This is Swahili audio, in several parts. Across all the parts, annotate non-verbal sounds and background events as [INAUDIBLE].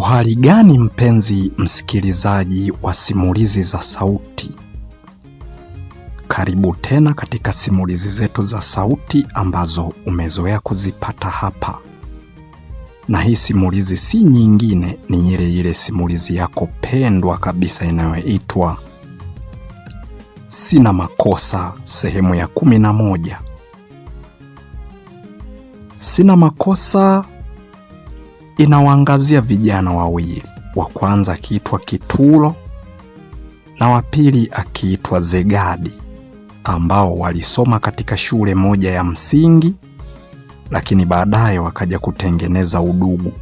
Uhali gani mpenzi msikilizaji wa simulizi za sauti, karibu tena katika simulizi zetu za sauti ambazo umezoea kuzipata hapa, na hii simulizi si nyingine, ni ile ile simulizi yako pendwa kabisa inayoitwa Sina Makosa, sehemu ya kumi na moja. Sina Makosa inawaangazia vijana wawili, wa kwanza akiitwa Kitulo na wa pili akiitwa Zegadi ambao walisoma katika shule moja ya msingi, lakini baadaye wakaja kutengeneza udugu.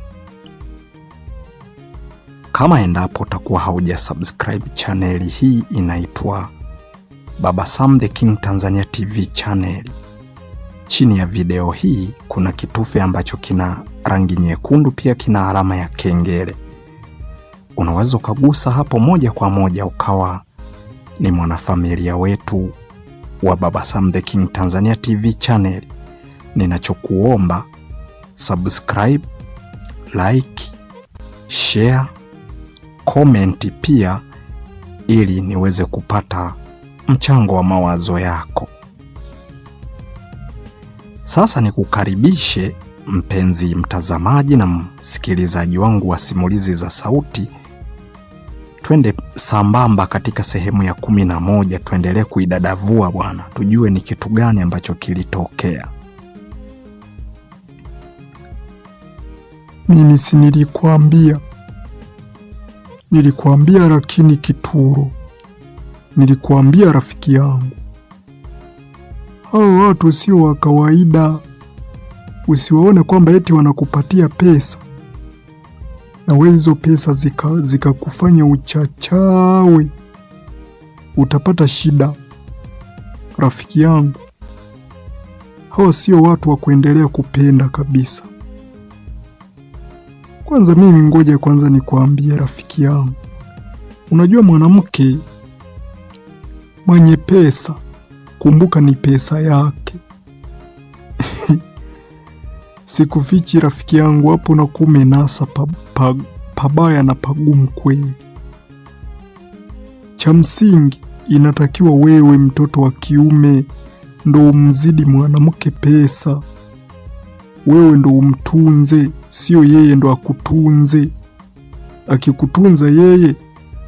Kama endapo utakuwa hauja subscribe chaneli hii inaitwa Baba Sam the King Tanzania TV channel. Chini ya video hii kuna kitufe ambacho kina rangi nyekundu, pia kina alama ya kengele. Unaweza ukagusa hapo moja kwa moja ukawa ni mwanafamilia wetu wa Baba Sam the King Tanzania TV channel. Ninachokuomba subscribe, like, share, comment pia ili niweze kupata mchango wa mawazo yako. Sasa nikukaribishe mpenzi mtazamaji na msikilizaji wangu wa simulizi za sauti, twende sambamba katika sehemu ya kumi na moja. Tuendelee kuidadavua bwana, tujue ni kitu gani ambacho kilitokea. Mimi si nilikuambia, lakini Kituro, nilikuambia rafiki yangu, hao watu sio wa kawaida usiwaone kwamba eti wanakupatia pesa na wewe hizo pesa zikakufanya zika uchachawe, utapata shida rafiki yangu. Hawa sio watu wa kuendelea kupenda kabisa. Kwanza mimi ngoja kwanza kuambia rafiki yangu, unajua mwanamke mwenye pesa, kumbuka ni pesa yake Sikufichi rafiki yangu, hapo na nasa pabaya pa, pa na pagumu kweli. Cha msingi inatakiwa wewe mtoto wa kiume ndo umzidi mwanamke pesa, wewe ndo umtunze, sio yeye ndo akutunze. Akikutunza yeye,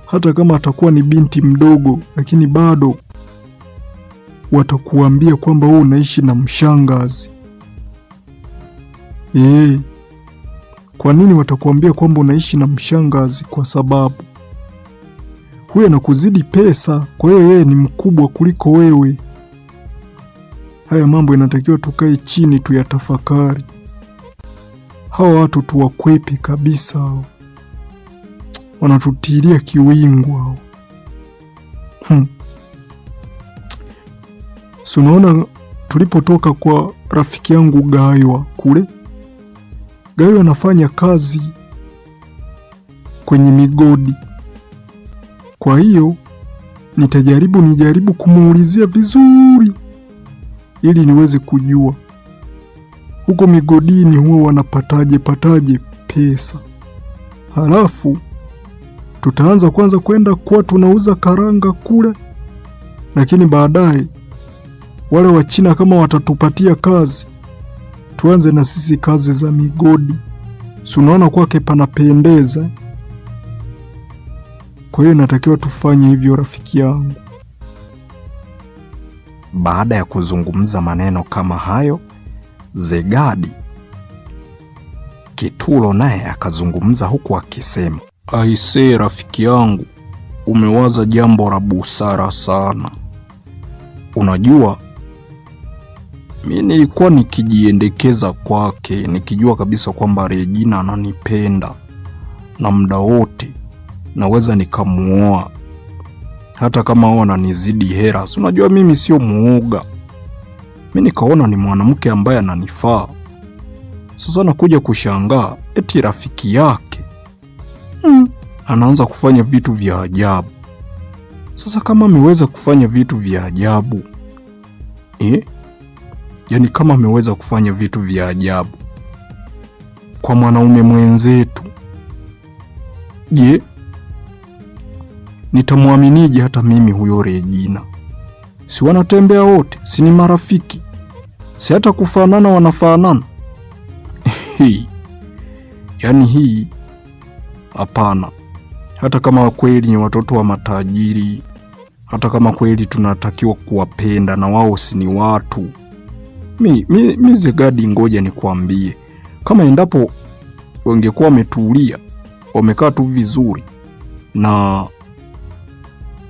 hata kama atakuwa ni binti mdogo, lakini bado watakuambia kwamba wewe unaishi na mshangazi. Eh. kwa nini watakuambia kwamba unaishi na mshangazi? Kwa sababu huyo anakuzidi pesa, kwa hiyo yeye ni mkubwa kuliko wewe. Haya mambo inatakiwa tukae chini tuyatafakari. Hawa watu tuwakwepe kabisa, hao wanatutilia kiwingu hao. Hmm. Si unaona tulipotoka kwa rafiki yangu Gaywa kule Gayo anafanya kazi kwenye migodi, kwa hiyo nitajaribu nijaribu kumuulizia vizuri ili niweze kujua huko migodini huwa wanapataje pataje pesa. Halafu tutaanza kwanza kwenda kuwa tunauza karanga kule, lakini baadaye wale china kama watatupatia kazi tuanze na sisi kazi za migodi, si unaona kwake panapendeza. Kwa hiyo inatakiwa tufanye hivyo, rafiki yangu. Baada ya kuzungumza maneno kama hayo, Zegadi Kitulo naye akazungumza huku akisema, aisee, rafiki yangu, umewaza jambo la busara sana. Unajua Mi nilikuwa nikijiendekeza kwake nikijua kabisa kwamba Regina ananipenda na muda wote naweza nikamuoa hata kama wao ananizidi hera, si unajua mimi sio muoga. Mi nikaona ni mwanamke ambaye ananifaa. Sasa nakuja kushangaa eti rafiki yake hmm, anaanza kufanya vitu vya ajabu. Sasa kama ameweza kufanya vitu vya ajabu eh, yani kama ameweza kufanya vitu vya ajabu kwa mwanaume mwenzetu, je, nitamwaminije hata mimi huyo Regina? Si wanatembea wote, si ni marafiki, si hata kufanana wanafanana? [LAUGHS] yani hii hapana. Hata kama kweli ni watoto wa matajiri, hata kama kweli tunatakiwa kuwapenda, na wao si ni watu mi, mi, mi Zegadi, ngoja nikwambie, kama endapo wangekuwa wametulia wamekaa tu vizuri na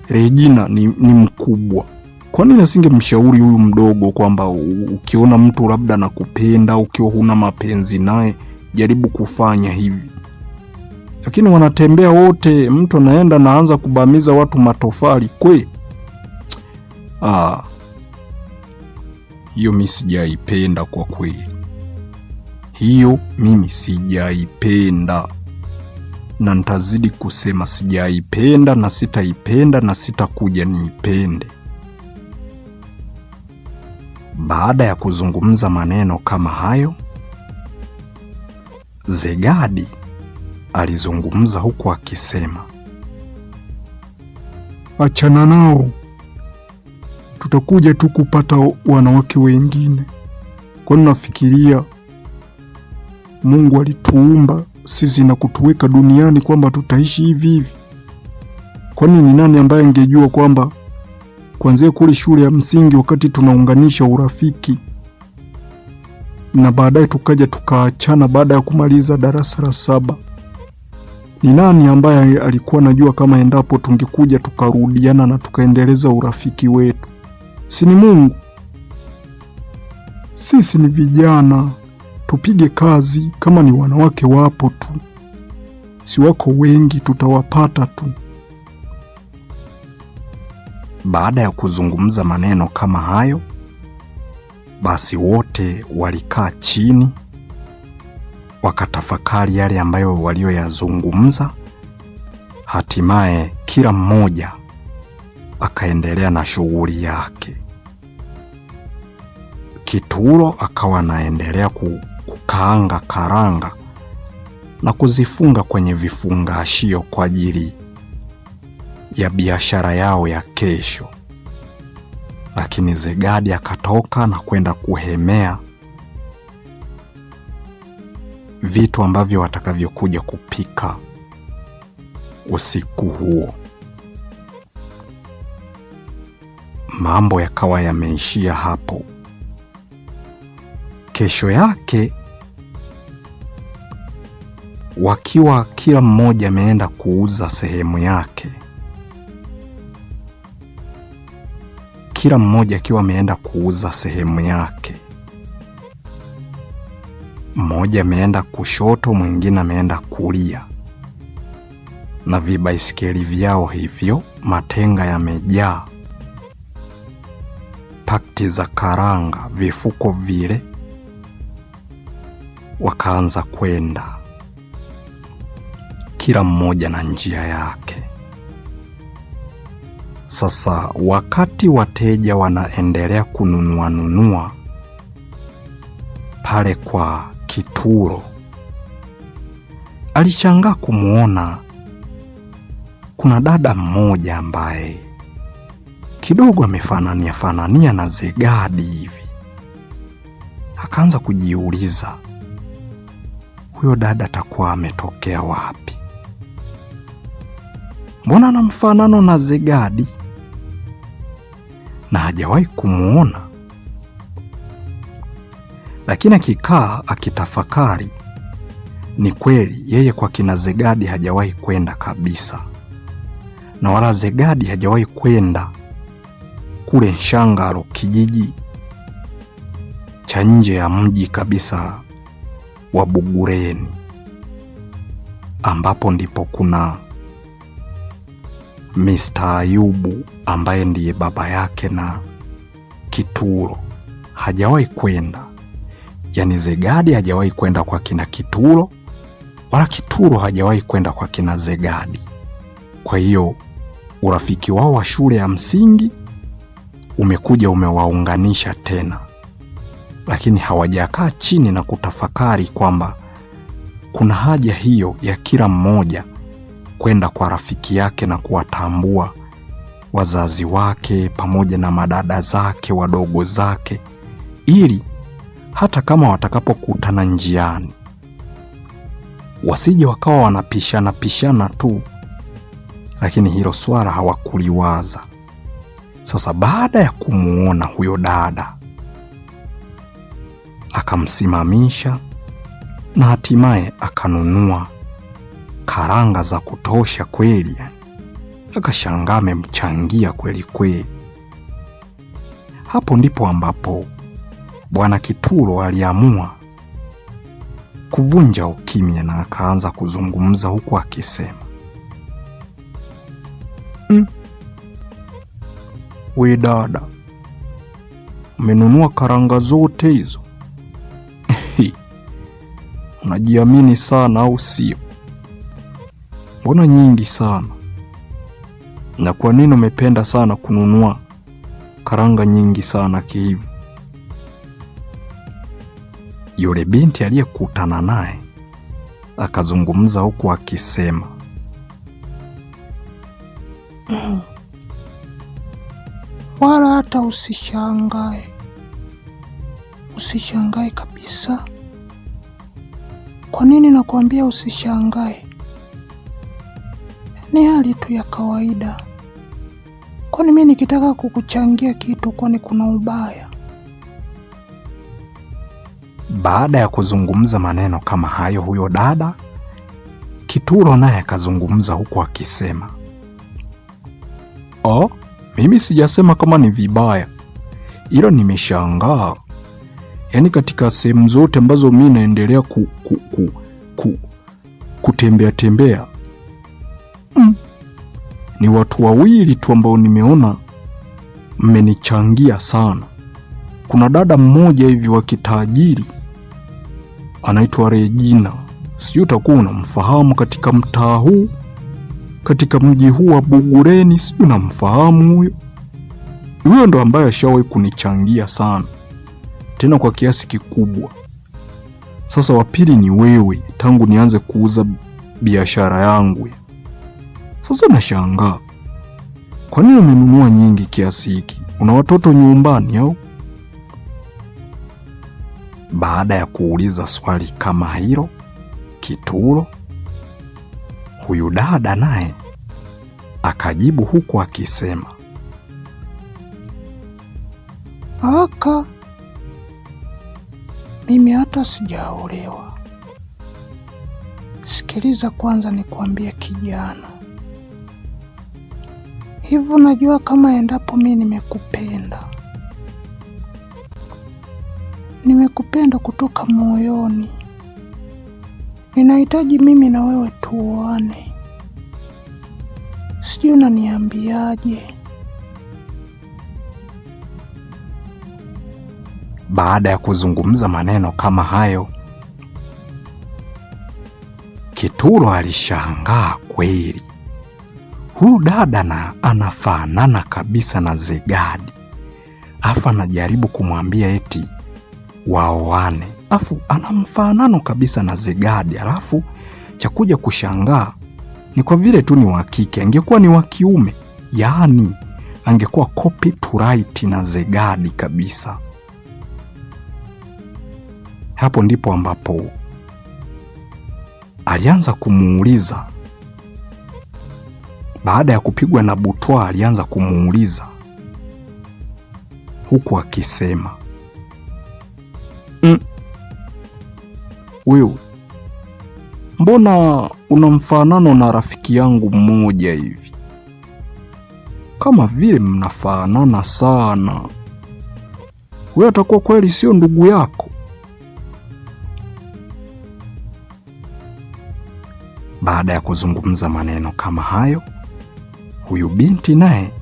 Regina ni, ni mkubwa, kwani asingemshauri huyu mdogo kwamba ukiona mtu labda nakupenda, ukiwa huna mapenzi naye jaribu kufanya hivi. Lakini wanatembea wote, mtu anaenda naanza kubamiza watu matofali kwe. Ah, hiyo mi sijaipenda kwa kweli, hiyo mimi sijaipenda na nitazidi kusema sijaipenda na sitaipenda na sitakuja niipende. Baada ya kuzungumza maneno kama hayo, Zegadi alizungumza huku akisema, achana nao, tutakuja tu kupata wanawake wengine. Kwani nafikiria Mungu alituumba sisi na kutuweka duniani kwamba tutaishi hivi hivi? Kwani ni nani ambaye angejua kwamba kuanzia kule shule ya msingi, wakati tunaunganisha urafiki na baadaye tukaja tukaachana baada ya kumaliza darasa la saba. Ni nani ambaye alikuwa anajua kama endapo tungekuja tukarudiana na tukaendeleza urafiki wetu? si ni Mungu? Sisi ni vijana, tupige kazi. Kama ni wanawake, wapo tu, si wako wengi, tutawapata tu. Baada ya kuzungumza maneno kama hayo, basi wote walikaa chini wakatafakari yale ambayo walioyazungumza. Hatimaye kila mmoja akaendelea na shughuli yake. Kituro akawa anaendelea kukaanga karanga na kuzifunga kwenye vifungashio kwa ajili ya biashara yao ya kesho. Lakini Zegadi akatoka na kwenda kuhemea vitu ambavyo watakavyokuja kupika usiku huo. mambo yakawa yameishia hapo. Kesho yake wakiwa kila mmoja ameenda kuuza sehemu yake, kila mmoja akiwa ameenda kuuza sehemu yake, mmoja ameenda kushoto, mwingine ameenda kulia, na vibaisikeli vyao hivyo matenga yamejaa pakti za karanga vifuko vile, wakaanza kwenda kila mmoja na njia yake. Sasa wakati wateja wanaendelea kununua nunua pale kwa Kituro, alishangaa kumwona kuna dada mmoja ambaye kidogo amefanania fanania na Zegadi hivi. Akaanza kujiuliza huyo dada atakuwa ametokea wapi? Mbona na mfanano na Zegadi na hajawahi kumwona? Lakini akikaa akitafakari, ni kweli yeye kwa kina Zegadi hajawahi kwenda kabisa, na wala Zegadi hajawahi kwenda kule Nshangalo, kijiji cha nje ya mji kabisa wa Bugureni, ambapo ndipo kuna Mr. Ayubu ambaye ndiye baba yake na Kituro. Hajawahi kwenda, yaani Zegadi hajawahi kwenda kwa kina Kituro wala Kituro hajawahi kwenda kwa kina Zegadi. Kwa hiyo urafiki wao wa shule ya msingi umekuja umewaunganisha tena, lakini hawajakaa chini na kutafakari kwamba kuna haja hiyo ya kila mmoja kwenda kwa rafiki yake na kuwatambua wazazi wake pamoja na madada zake wadogo zake, ili hata kama watakapokutana njiani wasije wakawa wanapishana pishana tu, lakini hilo swala hawakuliwaza. Sasa baada ya kumwona huyo dada akamsimamisha na hatimaye akanunua karanga za kutosha kweli, akashangaa amemchangia kweli kweli. Hapo ndipo ambapo Bwana Kituro aliamua kuvunja ukimya na akaanza kuzungumza huku akisema We dada, umenunua karanga zote hizo? [LAUGHS] Unajiamini sana au sio? Mbona nyingi sana? Na kwa nini umependa sana kununua karanga nyingi sana kihivu? Yule binti aliyekutana naye akazungumza huku akisema wala hata usishangae, usishangae kabisa. Kwa nini nakuambia usishangae? Ni hali tu ya kawaida. Kwani mimi nikitaka kukuchangia kitu, kwani kuna ubaya? Baada ya kuzungumza maneno kama hayo, huyo dada Kituro naye akazungumza huku akisema, oh mimi sijasema kama ni vibaya, ila nimeshangaa yaani, katika sehemu zote ambazo mi naendelea ku, ku, ku, ku, kutembea tembea mm, ni watu wawili tu ambao nimeona mmenichangia sana. Kuna dada mmoja hivi wa kitajiri anaitwa Regina, sijui utakuwa unamfahamu katika mtaa huu katika mji huu wa Bugureni, si unamfahamu huyo? Huyo ndo ambaye ashawahi kunichangia sana, tena kwa kiasi kikubwa. Sasa wa pili ni wewe, tangu nianze kuuza biashara yangu. Sasa nashangaa kwa nini umenunua nyingi kiasi hiki? Una watoto nyumbani au? Baada ya kuuliza swali kama hilo, Kituro Huyu dada naye akajibu huku akisema, aka mimi hata sijaolewa. Sikiliza kwanza nikwambie kijana, hivyo najua kama endapo mi nimekupenda, nimekupenda kutoka moyoni, ninahitaji mimi na wewe tuoane, sijui unaniambiaje. Baada ya kuzungumza maneno kama hayo, Kituro alishangaa kweli. Huyu dada na anafanana kabisa na Zegadi, afu anajaribu kumwambia eti waoane, afu ana mfanano kabisa na Zegadi, alafu cha kuja kushangaa ni kwa vile tu ni wa kike, angekuwa ni wa kiume, yaani angekuwa copyright na Zegadi kabisa. Hapo ndipo ambapo alianza kumuuliza baada ya kupigwa na butwa, alianza kumuuliza huku akisema mm, huyu mm mbona una mfanano na rafiki yangu mmoja hivi, kama vile mnafanana sana. Wewe atakuwa kweli sio ndugu yako? Baada ya kuzungumza maneno kama hayo, huyu binti naye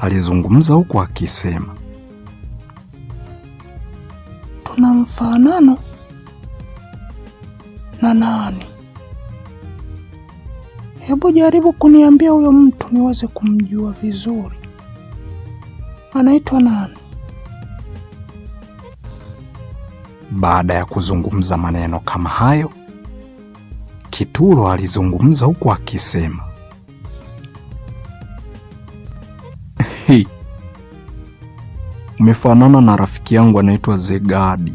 alizungumza huku akisema, tuna mfanano na nani? Hebu jaribu kuniambia huyo mtu niweze kumjua vizuri. Anaitwa nani? Baada ya kuzungumza maneno kama hayo, Kituro alizungumza huku akisema umefanana na rafiki yangu anaitwa Zegadi.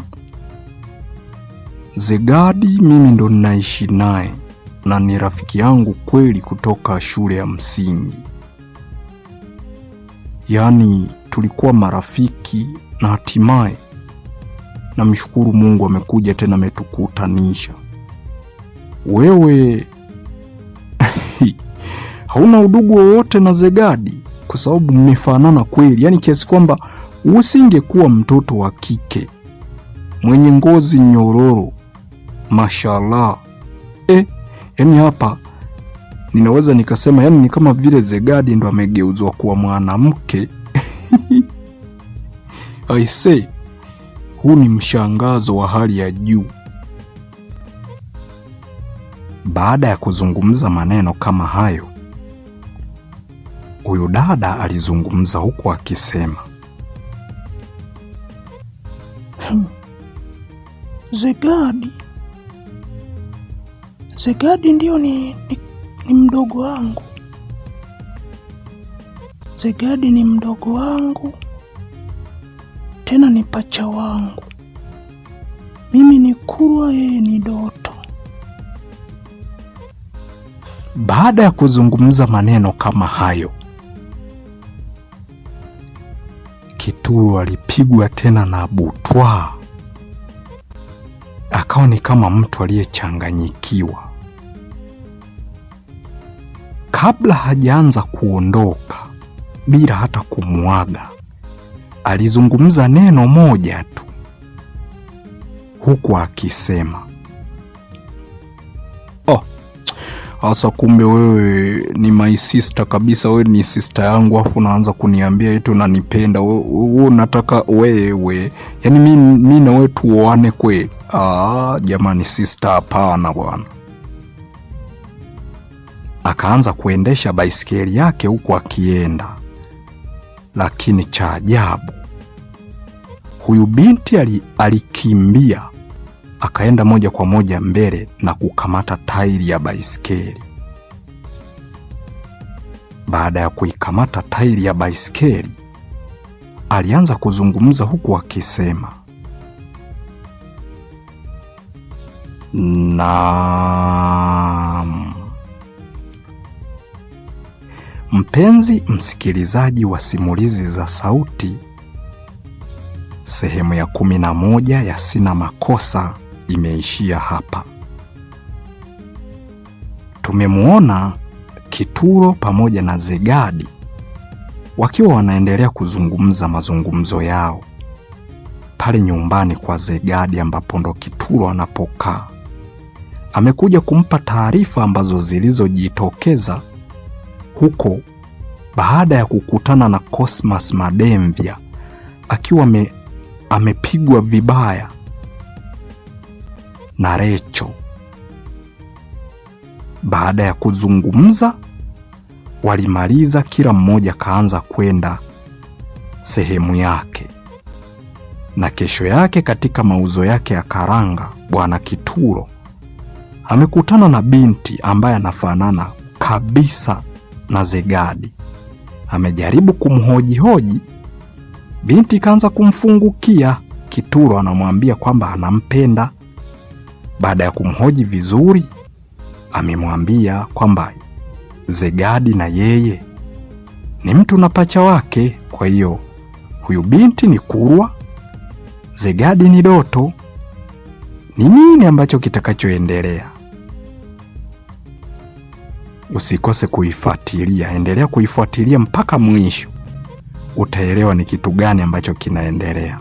Zegadi mimi ndo ninaishi naye na ni rafiki yangu kweli kutoka shule ya msingi. Yaani tulikuwa marafiki na hatimaye namshukuru Mungu amekuja tena ametukutanisha. Wewe [LAUGHS] hauna udugu wowote na Zegadi kwa sababu mmefanana kweli, yaani kiasi kwamba usingekuwa mtoto wa kike mwenye ngozi nyororo mashallah. Eh, yani hapa ninaweza nikasema yani ni kama vile Zegadi ndo amegeuzwa kuwa mwanamke [LAUGHS] I say, huu ni mshangazo wa hali ya juu. Baada ya kuzungumza maneno kama hayo, huyu dada alizungumza huku akisema Zegadi hmm. Zegadi ndio ni, ni, ni mdogo wangu. Zegadi ni mdogo wangu tena ni pacha wangu. Mimi ni Kurwa, yeye ni Doto. Baada ya kuzungumza maneno kama hayo, Kituru alipigwa tena na butwa akawa ni kama mtu aliyechanganyikiwa. Kabla hajaanza kuondoka bila hata kumwaga, alizungumza neno moja tu, huku akisema oh, asa kumbe wewe ni my sister kabisa, wewe ni sister yangu, afu naanza kuniambia eti unanipenda wewe, unataka wewe, yani mi na wewe tuoane kweli? Ah, jamani sister, hapana bwana akaanza kuendesha baisikeli yake huku akienda. Lakini cha ajabu, huyu binti alikimbia akaenda moja kwa moja mbele na kukamata tairi ya baisikeli. Baada ya kuikamata tairi ya baisikeli, alianza kuzungumza huku akisema, naam. Mpenzi msikilizaji wa simulizi za sauti, sehemu ya kumi na moja ya Sina Makosa imeishia hapa. Tumemwona Kituro pamoja na Zegadi wakiwa wanaendelea kuzungumza mazungumzo yao pale nyumbani kwa Zegadi, ambapo ndo Kituro anapokaa. Amekuja kumpa taarifa ambazo zilizojitokeza huko baada ya kukutana na Cosmas Mademvya akiwa me, amepigwa vibaya na Recho. Baada ya kuzungumza walimaliza, kila mmoja kaanza kwenda sehemu yake, na kesho yake katika mauzo yake ya karanga, bwana Kituro amekutana na binti ambaye anafanana kabisa na Zegadi. Amejaribu kumhojihoji, binti kaanza kumfungukia kituro, anamwambia kwamba anampenda. Baada ya kumhoji vizuri, amemwambia kwamba Zegadi na yeye ni mtu na pacha wake, kwa hiyo huyu binti ni kurwa, Zegadi ni doto. Ni nini ambacho kitakachoendelea? usikose kuifuatilia, endelea kuifuatilia mpaka mwisho, utaelewa ni kitu gani ambacho kinaendelea.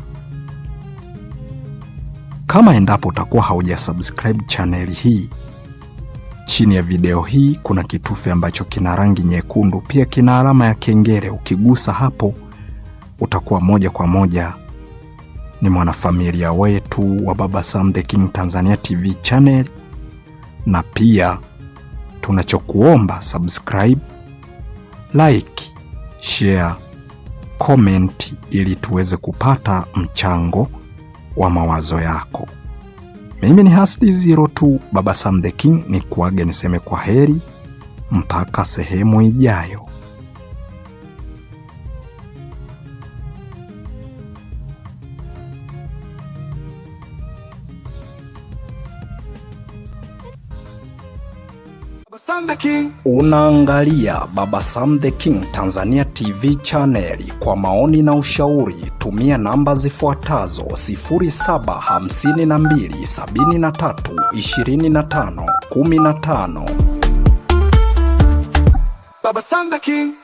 Kama endapo utakuwa subscribe chaneli hii, chini ya video hii kuna kitufe ambacho kina rangi nyekundu, pia kina alama ya kengele. Ukigusa hapo, utakuwa moja kwa moja ni mwanafamilia wetu wa Baba Sam The King Tanzania TV channel na pia tunachokuomba subscribe, like, share, comment ili tuweze kupata mchango wa mawazo yako. Mimi ni Hasdi Zero tu, Baba Sam the King, ni kuage niseme kwa heri mpaka sehemu ijayo. Unaangalia Baba Sam the King Tanzania TV chaneli. Kwa maoni na ushauri tumia namba zifuatazo 0752732515 Baba Sam the King.